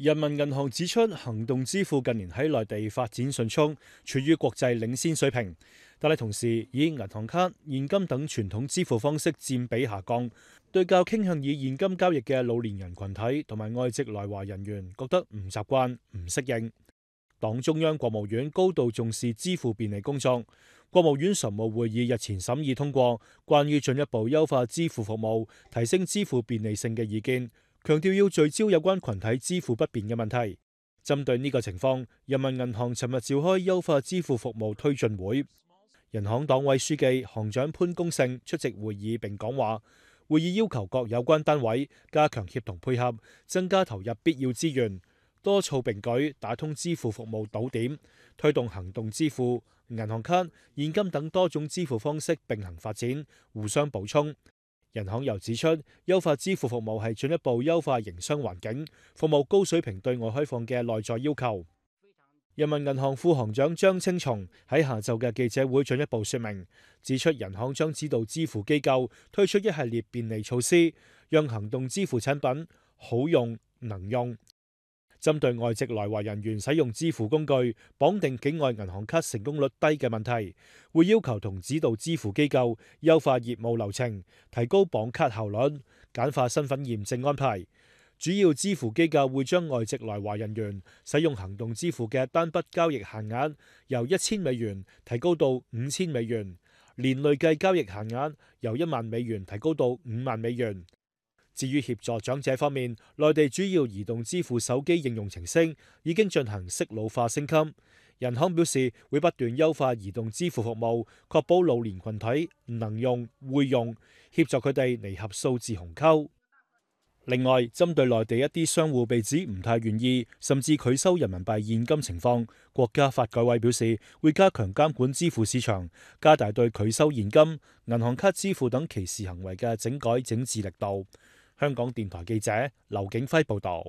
人民銀行指出，行動支付近年喺內地發展迅速，處於國際領先水平。但係同時，以銀行卡、現金等傳統支付方式佔比下降，對較傾向以現金交易嘅老年人群體同埋外籍來華人員，覺得唔習慣、唔適應。黨中央、國務院高度重視支付便利工作，國務院常務會議日前審議通過《關於進一步優化支付服務、提升支付便利性嘅意見》。強調要聚焦有關群體支付不便嘅問題。針對呢個情況，人民銀行尋日召開優化支付服務推進會，人行黨委書記、行長潘功勝出席會議並講話。會議要求各有關單位加強協同配合，增加投入必要資源，多措並舉打通支付服務堵點，推動行動支付、銀行卡、現金等多種支付方式並行發展，互相補充。人行又指出，優化支付服務係進一步優化營商環境、服務高水平對外開放嘅內在要求。人民銀行副行長張青松喺下晝嘅記者會進一步説明，指出人行將指導支付機構推出一系列便利措施，讓行動支付產品好用、能用。針對外籍來華人員使用支付工具綁定境外銀行卡成功率低嘅問題，會要求同指導支付機構優化業務流程，提高綁卡效率，簡化身份驗證安排。主要支付機構會將外籍來華人員使用行動支付嘅單筆交易限額由一千美元提高到五千美元，年累計交易限額由一萬美元提高到五萬美元。至於協助長者方面，內地主要移動支付手機應用程式已經進行適老化升級。人行表示會不斷優化移動支付服務，確保老年群體能用會用，協助佢哋彌合數字鴻溝。另外，針對內地一啲商戶被指唔太願意甚至拒收人民幣現金情況，國家發改委表示會加強監管支付市場，加大對拒收現金、銀行卡支付等歧視行為嘅整改整治力度。香港電台記者劉景輝報道。